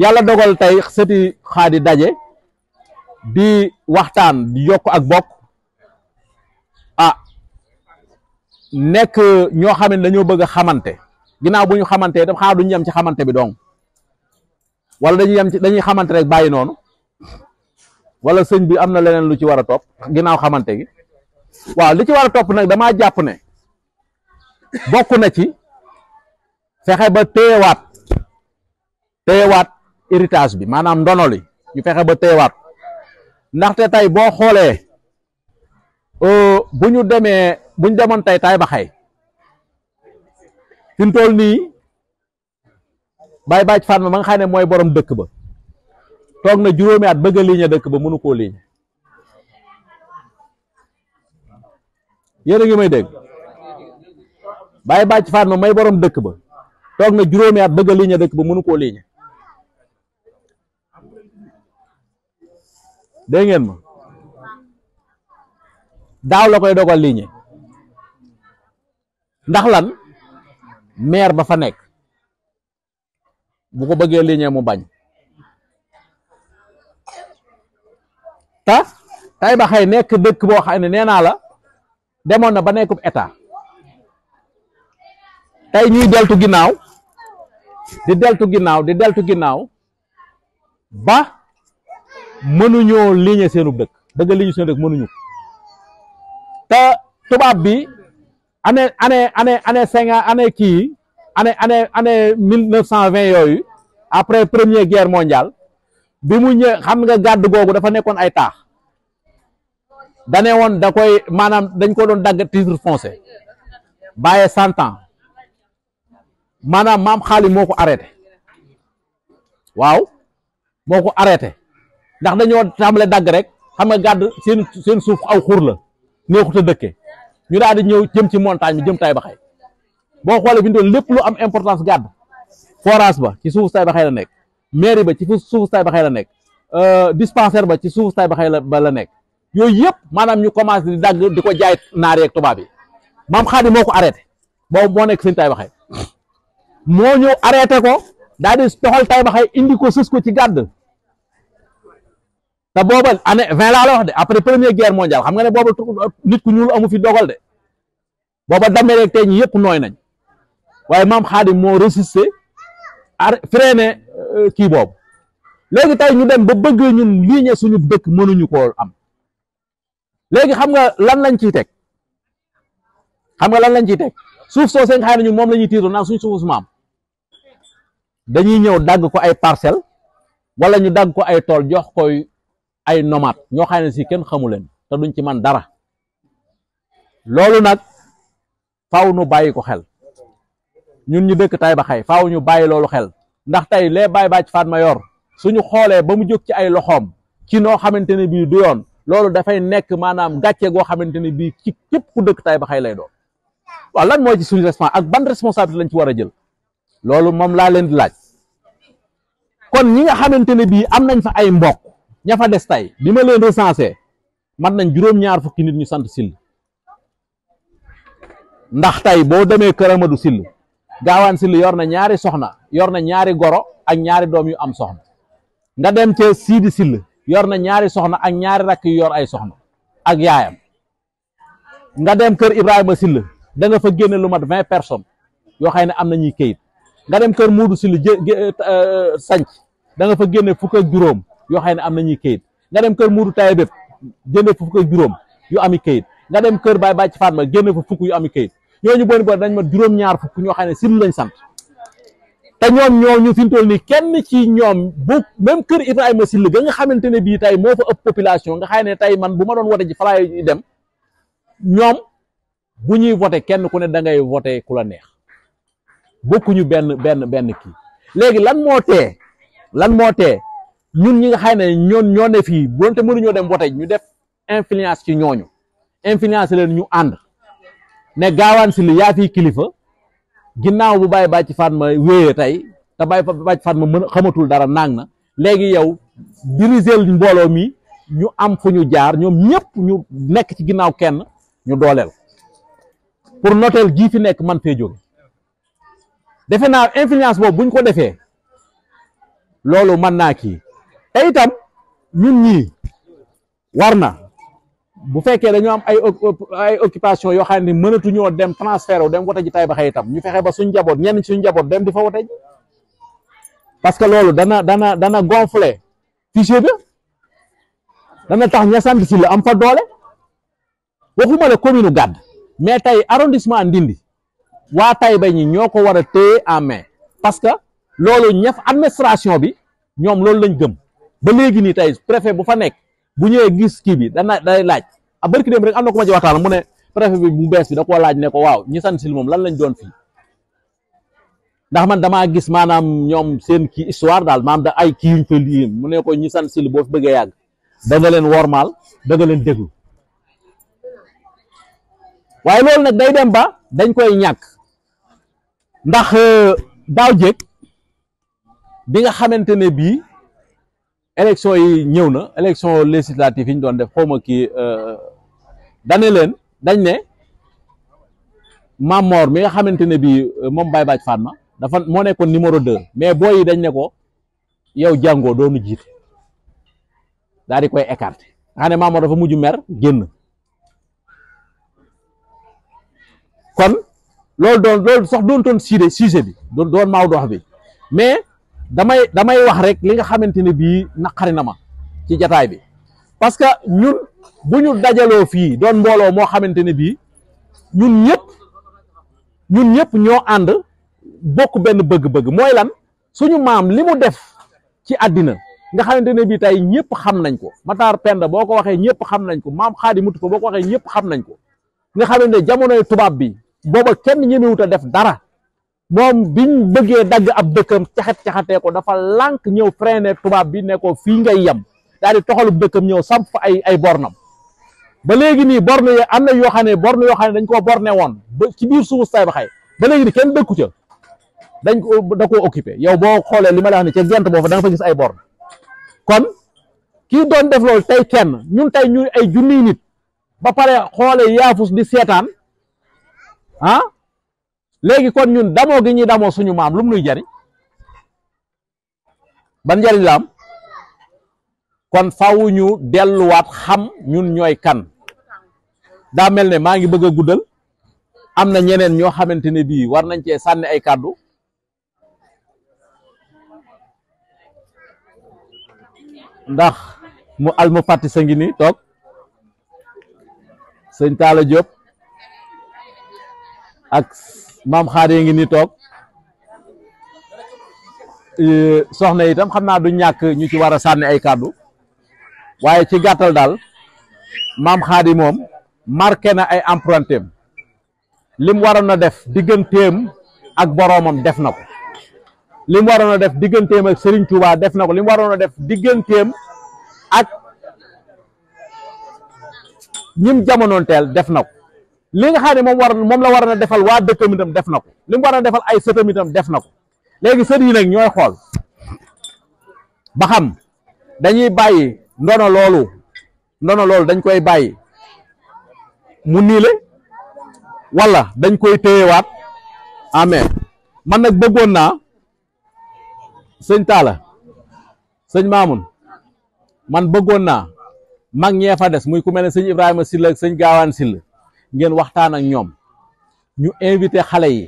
yàlla dogal tey sëti xaadi daje bi waxtaan di yokk ak bokk ah nekk ñoo xam dañoo bëgg a xamante ginnaaw bu ñu xamantee xaa xaar duñu yem ci xamante bi donc wala dañuy yem ci dañuy xamante rek bàyyi noonu wala sëñ bi am na leneen lu ci war a topp ginnaaw xamante gi waaw li ci topp nag damaa jàpp ne bokk na ci fexe ba téyewaat téyewaat héritage bi maanaam ndono li ñu fexe ba téyewaat ndaxte tey boo xoolee euh, bu ñu demee bu ñu demoon tey tay ba xay fi mu toll nii bay bàcc fan ma nga xam mooy borom dëkk ba toog na juróomi at bëgg a dëkk ba mënu koo liiñe yéen a ngi may dégg. bàyyi bàcc Fatma may borom dëkk ba toog na juróomi at bëgg a dëkk ba mënu koo liggéey dégg ngeen ma daaw la koy dogal liggéey ndax lan maire ba fa nekk bu ko bëggee liggéey mu bañ ta tay ba xëy nekk dëkk boo xam ne nee naa la demoon na ba nekkub état. tey ñuy deltu ginnaaw di deltu ginnaaw di deltu ginnaaw ba mënuñoo liñe seenu dëkk dëgg liñu seenu dëkk mënuñu te tubaab bi année année année année cinquante année kii année année année mille neuf cent vingt yooyu après premier guerre mondiale bi mu ñëw xam nga gàdd googu dafa nekkoon ay taax dane woon da koy maanaam dañ ko doon dagg titre foncier bàyyee cent ans maanaam maam xaalim moo ko arrêté waaw moo ko arrêté ndax dañoo tàmbale dagg rek xam nga gàdd seen seen suuf aw xur la neexut a dëkke ñu daal di ñëw jëm ci montagne bi jëm tay baxay boo xoolee fi ñu doon lépp lu am importance gàdd forage ba ci suuf tay baxay la nekk mairie ba ci suuf tay baxay la nekk euh, dispensaire ba ci suuf tay ba la ba la nekk yooyu yëpp maanaam ñu commencé di dagg di ko jaay naar yeeg tubaab yi maam xaadim moo ko arrêté boo moo nekk seen tay moo ñëw arrêté ko daal di toxal tay indi ko sës ko ci gàdd te booba année vingt laa la wax de après première guerre mondiale xam nga ne booba nit ku ñuul amu fi dogal de booba damee rek tey ñi yëpp nooy nañ waaye maam Xaadim moo résisté ar freiné euh, kii boobu léegi tey ñu dem ba bëgg ñun liiñe suñu dëkk mënuñu koo am léegi xam nga lan lañ ciy teg xam nga lan lañ ciy teg suuf soo seen xaar ñun moom la ñuy tiitoo naan suñ suufu maam dañuy ñëw dagg ko ay parcelle wala ñu dagg ko ay tool jox koy ay nomade ñoo xam si kenn xamu leen te duñ ci man dara loolu nag faw nu bàyyi ko xel ñun ñu dëkk tay ba xay faw ñu bàyyi loolu xel ndax tey lee bàyyi bàcc ma yor su ñu xoolee ba mu jóg ci ay loxoom ci noo xamante ne bii du yoon loolu dafay nekk maanaam gàcce goo xamante ne bii ci képp ku dëkk tay ba xay lay doo waaw lan mooy ci suñu responsabilité ak ban responsabilité lañ ci war a jël loolu moom laa leen di laaj kon ñi nga xamante ne bii am nañ fa ay mbokk ña fa des tey bi ma leen recensé man nañ juróom-ñaar fukki nit ñu sant sill ndax tey boo demee kër Amadou sill gaawaan sill yor na ñaari soxna yor na ñaari goro ak ñaari doom yu am soxna nga dem ca siidi sill yor na ñaari soxna ak ñaari rakk yu yor ay soxna ak yaayam nga dem kër Ibrahima sill da nga fa génne lu mat vingt personnes yoo xay ne am na ñuy kayit nga dem kër Moodu Sylla eh, eh, sanc da nga fa génne fukk juróom yoo xam ne am nañuy kayit nga dem kër Moodu Taye bépp génne fa juróom yu ami kayit nga dem kër Baye Bàcc Fatma génne fa fukk yu ami kayit ñooñu boole boole dañ ma juróom-ñaar fukk ñoo xam ne Sylla lañ sant te ñoom ñoo ñu fi ñu toll nii kenn ci ñoom bu même kër Ibrahima Sylla ga nga xamante ne bii tey moo fa ëpp population nga xam ne tey man bu ma doon wote ji fa laay dem ñoom bu ñuy voté kenn ku ne da ngay voté ku la neex. bokkuñu benn benn benn kii léegi lan moo tee lan moo tee ñun ñi nga xam ne ñoon ñoo ne fii bonte mënuñoo dem wote ñu def influence ci ñooñu influence leen ñu ànd ne gaawaan si li yaa fii kilifa ginnaaw bu bàyyi bàcc ma wéyee tey te bàyyi bàcc ma mën xamatul dara nang na léegi yow diriger mbooloo mi ñu am fu ñu jaar ñoom ñëpp ñu nekk ci ginnaaw kenn ñu dooleel pour notel gii fi nekk man fee jóge defe naa influence boobu buñ ko defee loolu mën naa kii te itam ñun ñii war na bu fekkee dañu am ay ay occupation yoo xam ne mënatuñoo dem transfert wu dem wote ji tay ba xëy itam ñu fexe ba suñ njaboot ñenn suñ njaboot dem di fa wote parce que loolu dana dana dana gonfler fichier bi dana tax ña sant la am fa doole waxuma la commune Gàdd mais tey arrondissement Ndindi waa Taïba ñi ñoo ko war a téye en main parce que loolu ñef administration bi ñoom loolu lañ gëm ba léegi ni tey préfet bu fa nekk bu ñëwee gis kii bi dana day laaj a barki dem rek am na ko ma ci waxtaan mu ne préfet bi mu bees bi da koo laaj ne ko waaw ñi sant sil moom lan lañ doon fii ndax man damaa gis maanaam ñoom seen kii histoire daal maanaam da ay kii yuñ fa lii mu ne ko ñi sant sil boo fi bëggee yàgg da leen wormaal da nga leen déglu waaye loolu nag day dem ba dañ koy ñàkk ndax euh, daaw jéeg bi nga xamante ne bii élection yi ñëw na élection législative yi ñu doon def xaw ma kii euh, dane leen dañ ne mamoor bi nga xamante ne bii euh, moom Baye Baaj Fatma dafa moo nekkoon numéro deux mais boo yi dañ ne ko yow jàngoo doonu jiite daal di koy écarter nga xam ne Mamor dafa mujju mer génn kon loolu doon loolu sax doon toon sujet sujet bi doon maaw dox bi mais damay damay wax rek li nga xamante ne bii naqari na ma ci jataay bi parce que ñun bu ñu dajaloo fii doon mbooloo moo xamante ne bii ñun ñëpp ñun ñëpp ñoo ànd bokk benn bëgg-bëgg mooy lan suñu maam li mu def ci àddina nga xamante ne bii tey ñëpp xam nañ ko Matar Penda boo ko waxee ñëpp xam nañ ko maam Xaadi Mutu ko boo ko waxee ñëpp xam nañ ko nga xamante ne jamonoy tubaab bi booba kenn ñemewut a def dara moom biñ bëggee dagg ab dëkkam caxat-caxatee ko dafa lank ñëw freiné tubaab bi nekkoo fi ngay yem daal di toxalub ñëw samp fa ay ay bornam ba léegi nii borne yi am na yoo xam ne borne yoo xam ne dañ koo borne woon ba ci biir suufu say ba xay ba léegi nii kenn dëkku ca dañ ko da koo occupé yow boo xoolee li ma la ne ca gent boo fa da nga fa gis ay borne kon kii doon def loolu tey kenn ñu tey ñu ay junniy nit ba pare xoolee yaafus di seetaan ah léegi kon ñun damoo gi ñuy damoo suñu maam lu mu nuy jariñ ban njariñ la kon faw ñu delluwaat xam ñun ñooy kan daa mel ne maa ngi bëgg a guddal am na ñeneen ñoo xamante ne bii war nañ cee sànni ay kàddu ndax mu al mu fàtti sa toog sëñ Talla Diop ak maam xaaree ngi ni toog soxna yitam xam naa du ñàkk ñu ci war a sànni ay kàddu waaye ci gàttal daal maam xaadi moom marqué na ay empreinteem lim waroon a def digganteem ak boroomam def na ko lim waroon def digganteem ak sëriñ Touba def na ko lim waroon a def digganteem ak ñim jamonoonteel def na ko li nga xam ne moom war moom la war na defal waa dëkkam itam def na ko li mu war na defal ay sëtam itam def na ko léegi sët yi nag ñooy xool ba xam dañuy bàyyi ndono loolu ndono loolu dañ koy bàyyi mu niile wala dañ koy téyewaat amee man nag bëggoon naa sëñ Talla sëñ Maamun man bëggoon naa mag ñee fa des muy ku mel ne sëñ Ibrahima Sylla ak sëñ Gaawaan Sylla ngeen waxtaan ak ñoom ñu invité xale yi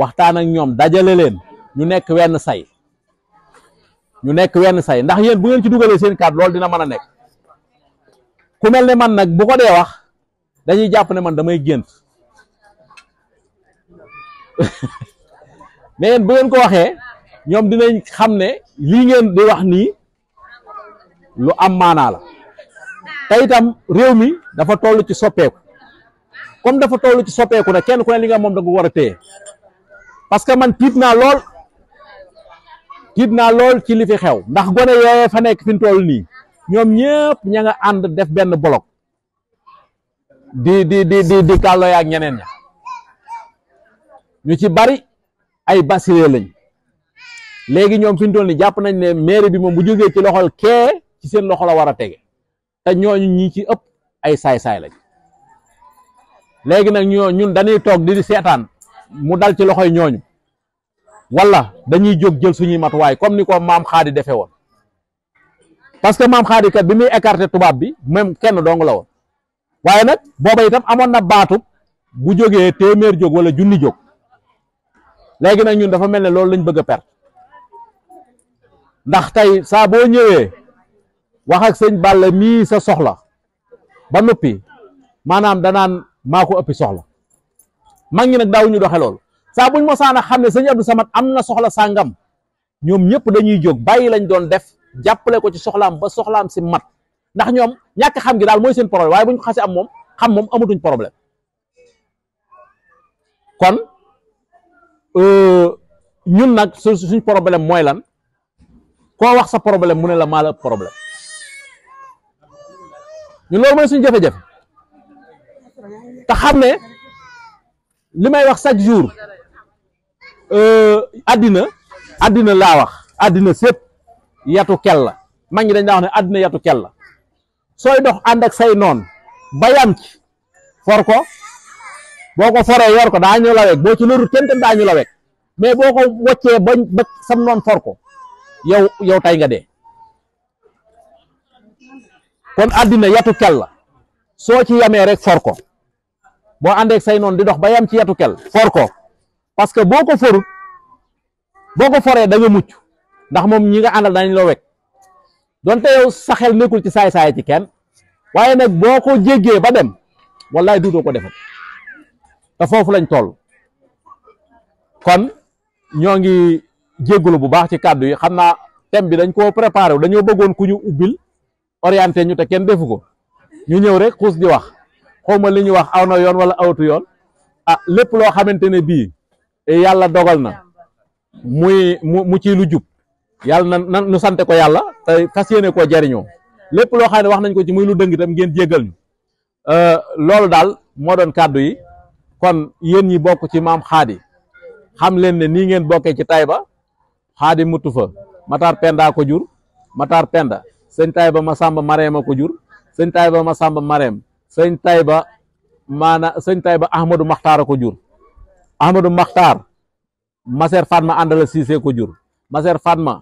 waxtaan ak ñoom dajale leen ñu nekk wenn say ñu nekk wenn say ndax yéen bu ngeen ci dugalee seen kàddu loolu dina man a nekk ku mel ne man nag bu ko dee wax dañuy jàpp ne man damay gént mais yéen bu ngeen ko waxee ñoom dina xam ne lii ngeen di wax nii lu am maanaa la te itam réew mi dafa toll ci soppeeku. comme dafa toll ci soppeeku na kenn ku ne li nga moom da nga war a parce que man tiit naa lool tiit naa lool ci li fi xew ndax gone yooyee fa nekk fin mu nii ñoom ñëpp ña nga ànd def benn bloc di di di di di kàlloo ak ñeneen ña ñu ci bari ay basile lañ léegi ñoom fi mu toll nii jàpp nañ ne mairie bi moom bu jógee ci loxol kee ci seen loxo la war a tege te ñooñu ñi ci ëpp ay saay-saay lañ. léegi nag ñoo ñun dañuy toog di seetaan mu dal ci loxoy ñooñu wala dañuy jóg jël suñuy matuwaay comme ni ko maam xaadi defee woon parce que maam xaadi kat bi muy écarté tubaab bi même kenn dong la woon waaye nag booba itam amoon na baatub bu jógee téeméer jóg wala junni jóg léegi nag ñun dafa mel ne loolu lañ bëgg a perte ndax tey saa boo ñëwee wax ak sëñ mii sa soxla ba noppi maanaam danaan maa ko ëppi soxla mag ñi nag daawuñu doxe loolu saa buñ mosaan a xam ne sëñ Abdou Samad am na soxla sàngam ñoom ñëpp dañuy jóg bàyyi lañ doon def jàppale ko ci soxlaam ba soxlaam si mat ndax ñoom ñàkk xam gi daal mooy seen problème waaye buñ ko xasee am moom xam moom amatuñ problème kon euh, ñun nag suñ problème mooy lan koo wax sa problème mu ne la maa la problème ñu loolu mooy suñ jafe-jafe te xam ne li may wax chaque jour euh, àddina àddina laa wax àddina sépp yatu kel la mag ñi dañ daa wax ne àddina yatu kel la sooy dox ànd ak say noon ba yam ci for ko boo ko foree yor ko daañu la weg boo ci lorut kenn tam daañu la weg mais boo ko woccee ba ba sam noon for ko yow yow nga dee kon àddina yatu kel la soo ci yamee rek for ko boo àndeeg say noonu di dox ba yam ci yetu kel for ko parce que boo ko forut boo ko foree da mucc ndax moom ñi nga àndal dañ la wekk donte yow sa nekkul ci saay-saay ci kenn waaye nag boo ko jéggee ba dem wallaay duutoo ko defal te foofu lañ tool kon ñoo ngi jéggulu bu baax ci kàddu yi xam naa thème bi dañ koo préparé wu dañoo bëggoon ku ñu ubbil orienté ñu te kenn defu ko ñu ñëw rek xuus di wax xaw ma li ñuy wax aw na yoon wala awtu yoon a ah, lépp loo xamante ne bii e, yàlla dogal na muy mu mu ci lu jub yàlla na nu sante ko yàlla te fas yéene koo jariñoo lépp loo xam ne wax nañ ko ci muy lu dëng itam ngeen jéggal ñu e, loolu daal moo doon kàddu yi kon yéen ñi bokk ci maam xaadi xam leen ne nii ngeen bokkee ci Taïba xaadi mutu fa Matar Penda ko jur Matar Penda sëñ Taïba Masamba Mareema ko jur sëñ Taïba Masamba Mareem sëñ Tayba maana sëñ Tayba Ahmadou Makhtar a ko jur Ahmadou Makhtar Maser Fatma Andala Cissé ko jur Maser Fatma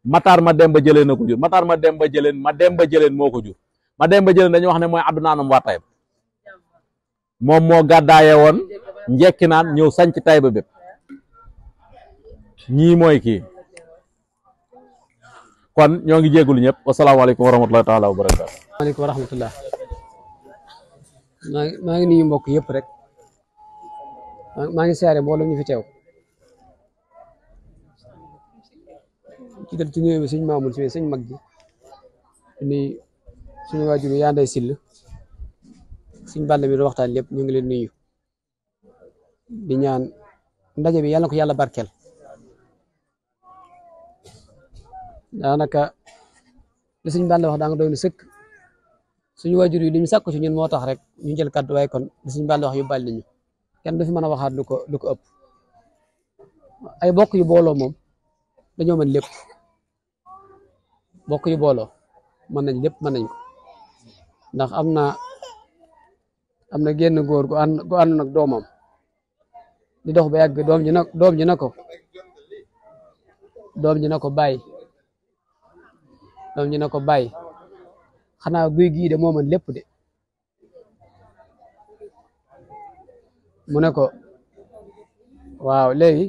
Matar ma Demba Jëleen na ko jur Matar ma Demba Jëleen ma Demba Jëleen moo ko jur ma Demba Jëleen dañuy wax ne mooy Abdou Naanam waa Tayba moom moo gàddaaye woon njekki naan ñëw sanc Tayba bépp ñii mooy kii kon ñoo ngi jégalu ñëpp wasalaamaaleykum wa rahmatullahi taala wa maa ngi maa ngi nuyu mbokk yëpp rek maa ngi siyaare mbooloo ñu fi teew ci def ci nuyoo bi suñ maamul si suñ mag ji ni suñu waajur yaa nday sill suñ bàll bi waxtaan lépp ñu ngi leen nuyu di ñaan ndaje bi yàlla ko yàlla barkeel daanaka li suñ bàll wax daa doo doon sëkk suñu waajur yi li ñu sàkku ci ñun moo tax rek ñu jël kàddu waaye kon li suñu bàll wax yu bàll nañu kenn du fi mën a waxaat lu ko lu ko ëpp ay bokk yu booloo moom dañoo mën lépp bokk yu booloo mën nañ lépp mën nañ ko ndax am na am na génn góor gu ànd gu nag doomam di dox ba yàgg doom ji na doom ji na ko doom ñu na ko bàyyi doom ji na ko bàyyi xanaa guy gii de mooman mën de mu ne ko waaw léegi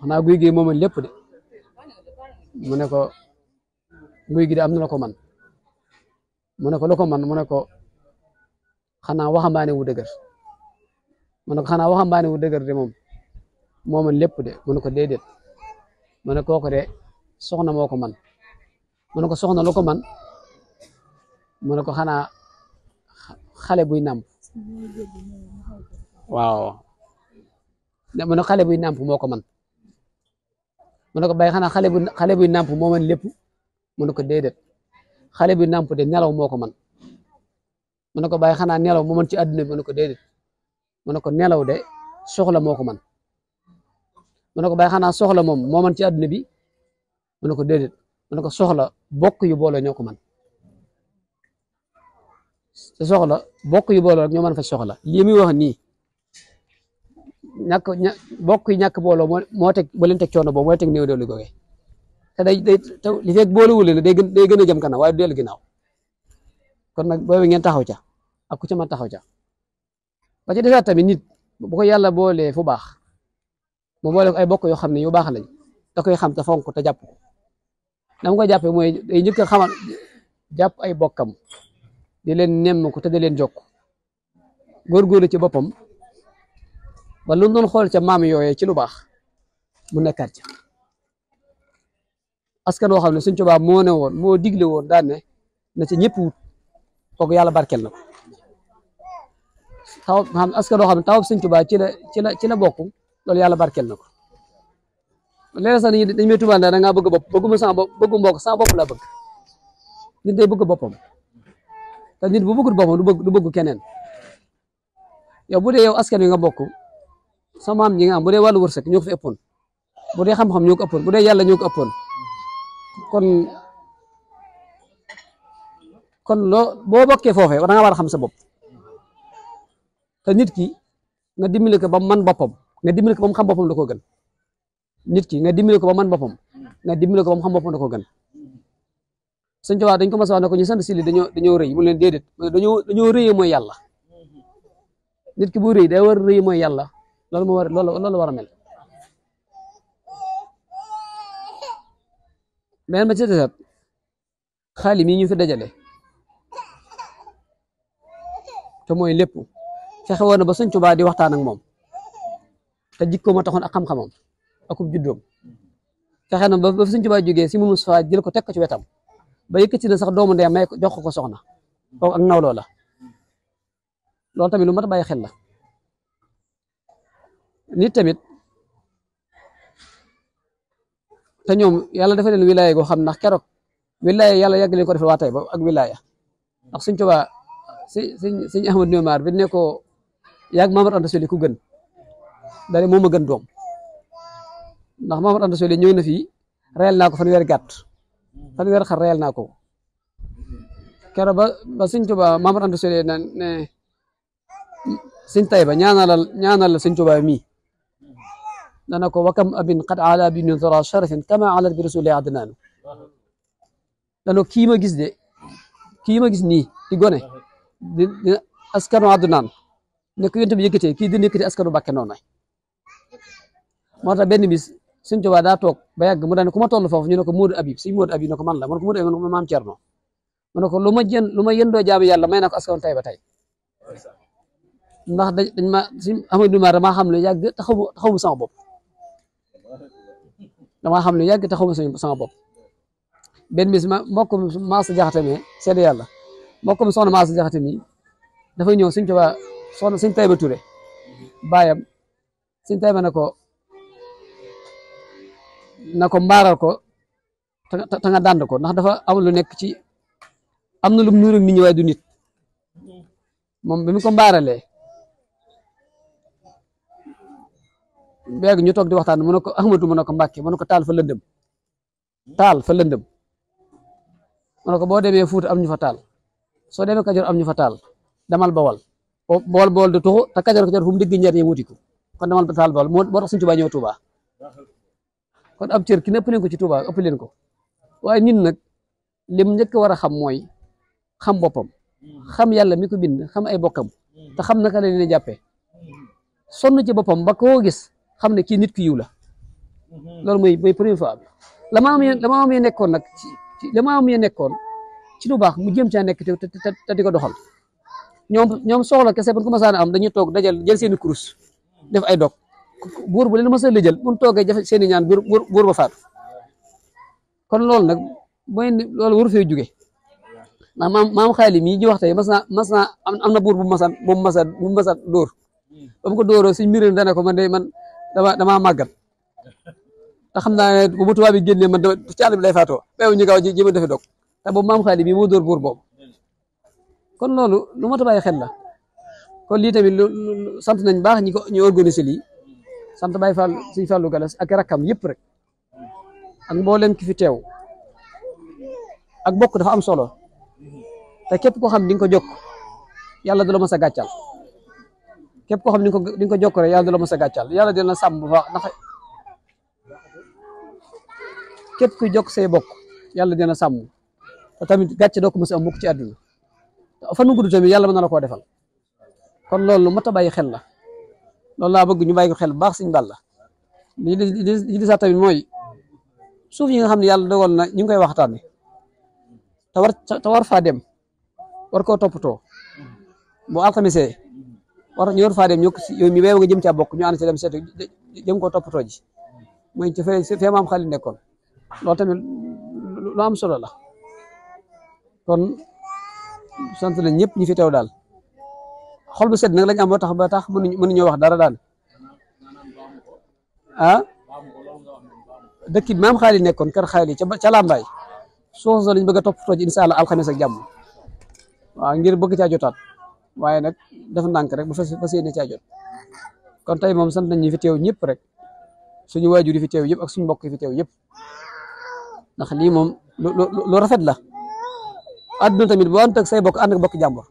xanaa guy gii moo de mu ne ko guy gi de am na la ko man mu ne ko la ko man mu ne ko xanaa waxambaane wu dëgër mu ne ko xanaa waxambaane wu dëgër de moom moo mën lépp de mu ko déedéet mu ne kooku de soxna moo man mu ko soxna lu ko man mu ne ko xanaa xale buy nàmp waaw mu ne xale buy nàmp moo ko man mu ne ko bay xanaa xale bu xale buy nàmp moo man lépp mu ne ko déedéet xale buy nàmp de nelaw moo ko man mu ne ko bay xanaa nelaw moo man ci àdduna bi mu ne ko déedéet mu ne ko nelaw de soxla moo ko man mu ne ko bay xanaa soxla moom moo man ci àdduna bi mu ne ko déedéet mu ne ko soxla bokk yu boole ñoo ko man te soxla bokk yu booloo rek ñoo mën fa soxla lii muy wax nii ñàkk bokk yi ñàkk booloo moo moo teg ba leen teg coono boobu mooy teg néew doole googee te day day te li fekk boolewul leen day gën day gën a jëm kanam waaye du gi ginnaaw kon nag boobu ngeen taxaw ca ak ca mën taxaw ca ba ci tamit nit bu ko yàlla boolee fu baax moo boole ay bokk yoo xam ne yu baax lañ da koy xam ta fonk te jàpp ko dama ko jàppee mooy day njëkk a xamal jàpp ay bokkam. di leen nemm ko te di leen jokk góorgóorlu ci boppam ba lu doon xool ca maam yooyee ci lu baax mu nekkaat ca askan woo xam ne Sëñ Tuubaa moo ne woon moo digle woon daan ne na ca ñëpp wut kooku yàlla barkeel na ko taw askan woo xam ne tawab Sëñ Tuubaa ci la ci la ci la bokk loolu yàlla barkeel na ko léeg-léeg sax dañuy dañ may tubaab da ngaa bëgg bopp bëgguma sama bopp bëggu mbokk sama bopp laa bëgg nit day bëgg boppam. te nit bu bëggul boppam du bëgg du bëgg keneen yow bu dee yow askan wi nga bokk sa maam ñi nga am bu dee wàllu wërsëg ñoo ko fi bu dee xam-xam ñoo ko bu dee yàlla ñoo ko ëppoon kon loo boo bokkee foofee da nga war a xam sa bopp te nit ki nga dimbali ko ba man boppam nga dimbali ko mu xam boppam da koo gën nit nga dimbali ko ba man boppam nga dimbali ko ba mu xam boppam da ko gën sëñ Tuubaa dañ ko mas a wax ne ko ñu sant Sylla dañoo dañoo rëy mu leen déedéet dañoo dañoo rëyee mooy yàlla nit ki bu rëy day war a rëy mooy yàlla loolu moo war loolu loolu war a mel. beneen ba ci desat xaalim yi ñu fi dajale te mooy lépp fexe woon na ba sëñ di waxtaan ak moom te jikko ma taxoon ak xam-xamam akub juddoom fexe na ba ba sëñ Tuubaa si mu Mustafaa jël ko teg ko ci wetam. ba yëkkati na sax doomu ndeyam may jox ko soxna kooku ak nawloo la loolu tamit lu mat a bàyyi xel nit tamit te ñoom yàlla dafa leen wilaya goo xam ndax keroog wilaya yàlla yàgg leen ko defal waa tey ak wilaya ndax suñ Tuubaa si suñ suñ Ahmad Nomar bi ne ko yàgg Maamar Anta Sali ku gën daal moom a gën doom ndax Maamar Anta Sali ñëw na fii reyal fan weer gàtt. fanweer xar reyal naa ko keroog ba ba sëñ Tuubaa Maam Mor Anta Sali na ne sëñ Tayba ñaanalal ñaanal sëñ Tuubaa mii dana ko wakam abin qad ala bi nutara sharafin kama ala bi rasuli adnaanu dano kii ma gis de kii ma gis nii di gone di di askanu adnaan ne ko yonent bi yëkkatee kii dina yëkkatee askanu Bàkke noonu moo tax benn bis sëñ Tuubaa daa toog ba yàgg mu daan ku ma toll foofu ñu ne ko Modou Habib sëñ Modou Habib ne ko man la man ko Modou Habib maam ko lu ma jën lu ma yëndoo jaamu yàlla may na ko askan tey ba tey ndax dañ ma si Amadou Mar damaa xam lu yàgg taxaw taxawu sama bopp damaa xam lu yàgg taxawu sama bopp benn bis ma mbokk mi Maasa Jaxate mi seede mbokk mi soxna Maasa Jaxate ñëw sëñ Tuubaa soxna sëñ Tayba ko na ko mbaaral ko te nga dànd ko ndax dafa am lu nekk ci am na lu mu nuróog nit ñi waaye du nit moom bi mu ko ñu toog di waxtaan mu ne ko Ahmadu mu ne ko Mbàkke mu ko taal fa taal fa lëndëm mu boo demee Fuuta am ñu fa taal soo demee Kajoor am ñu fa taal demal Bawol Bawol Bawol du tuxu te Kajoor Kajoor fu mu dégg ñee wuti ko kon demal ba taal Bawol moo tax suñu Tuubaa ñëw kon ab cër ki nëpp leen ko ci Touba ëpp leen ko waaye nit nag lim njëkk war a xam mooy xam boppam xam yàlla mi ko bind xam ay bokkam te xam naka la leen jàppee sonn ci boppam ba koo gis xam ne kii nit ku yiw la loolu mooy mooy première fois bi la maam yi la maam nekkoon nag ci la maam yi nekkoon ci lu baax mu jëm caa nekk te te di ko doxal ñoom ñoom soxla kese bu ko masaan am dañuy toog dajal jël seeni kurus def ay dog buur bu leen mos a lijjal bu ñu toogee jafe seen i ñaan buur buur ba faatu kon loolu nag mooy loolu waru fee jóge ndax maam maam xaali mii ñu wax tey mas naa mas naa am na buur bu masaan bu masaan bu masaan dóor ko dóoroo suñ mbir dana ko ma de man dama damaa màggat te xam naa ne bu tubaab bi génnee man dama ci àll bi lay faatoo béyu ñu gaaw ji ji ma defi dog te boobu maam xaali mii moo dóor buur boobu kon loolu lu ma ta bàyyi xel la kon lii tamit lu sant nañ baax ñi ko sant Baye Fall Sëñ Fallou Galas ak rakkam yëpp rek ak mboolem ki fi teew ak bokk dafa am solo te képp koo xam di nga ko jokk yàlla du la mës a gàccal képp koo xam di ko di ko jokk rek yàlla du la mës a gàccal yàlla dina sàmm bu baax ndax képp kuy jokk say bokk yàlla dina sàmm te tamit gàcce doo ko mës a am mukk ci àdduna fan mu gudd yàlla mën la koo defal kon loolu lu mat a bàyyi xel la. loolu laa bëgg ñu bàyyi ko xel bu baax Sëñ Balla li li li sax tamit mooy suuf yi nga xam ne yàlla dogal na ñu ngi koy waxtaanee te war te faa dem war koo toppatoo boo alxamisee war ñu war faa dem ñu yow mi weew nga jëm caa bokk ñu ànd ci dem seetu jëm koo toppatoo ji mooy ci fee maam xali nekkoon loolu tamit lu am solo la kon sant na ñëpp ñi fi teew daal. xol bu set nag lañ am moo tax ba tax mënuñ mënuñoo wax dara daal ah dëkk bi maam xaali nekkoon kër xaali ca ca Lambaay soo so lañ bëgg a toppatoo ci incha allah alxames ak jàmm ngir bëgg caa jotaat waaye nag def ndànk rek bu fas fas yéene kon tey moom sant nañ ñi fi teew ñëpp rek suñu waajur yi fi teew yëpp ak suñu mbokk yi fi teew yëpp ndax lii moom lu rafet la adduna tamit boo ànd ak say bokk an ak bokk jàmbur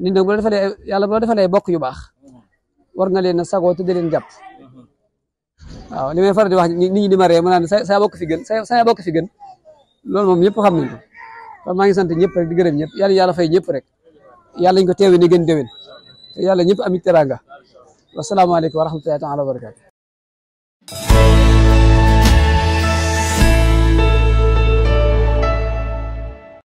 nit nag bu la defalee yàlla bu defalee bokk yu baax war nga leen a sagoo te di leen jàpp waaw li may faral di wax nit ñi di ma ree ma naan sa saa bokk fi gën sa saa bokk fi gën loolu moom ñëpp xam nañ ko maa ngi sant ñëpp rek di gërëm ñëpp yàlla yàlla fay ñëpp rek yàlla ñu ko teewee ni gën déwén te yàlla ñëpp amit teraanga wasalaamaaleykum wa rahmatullahi taala wa barakatu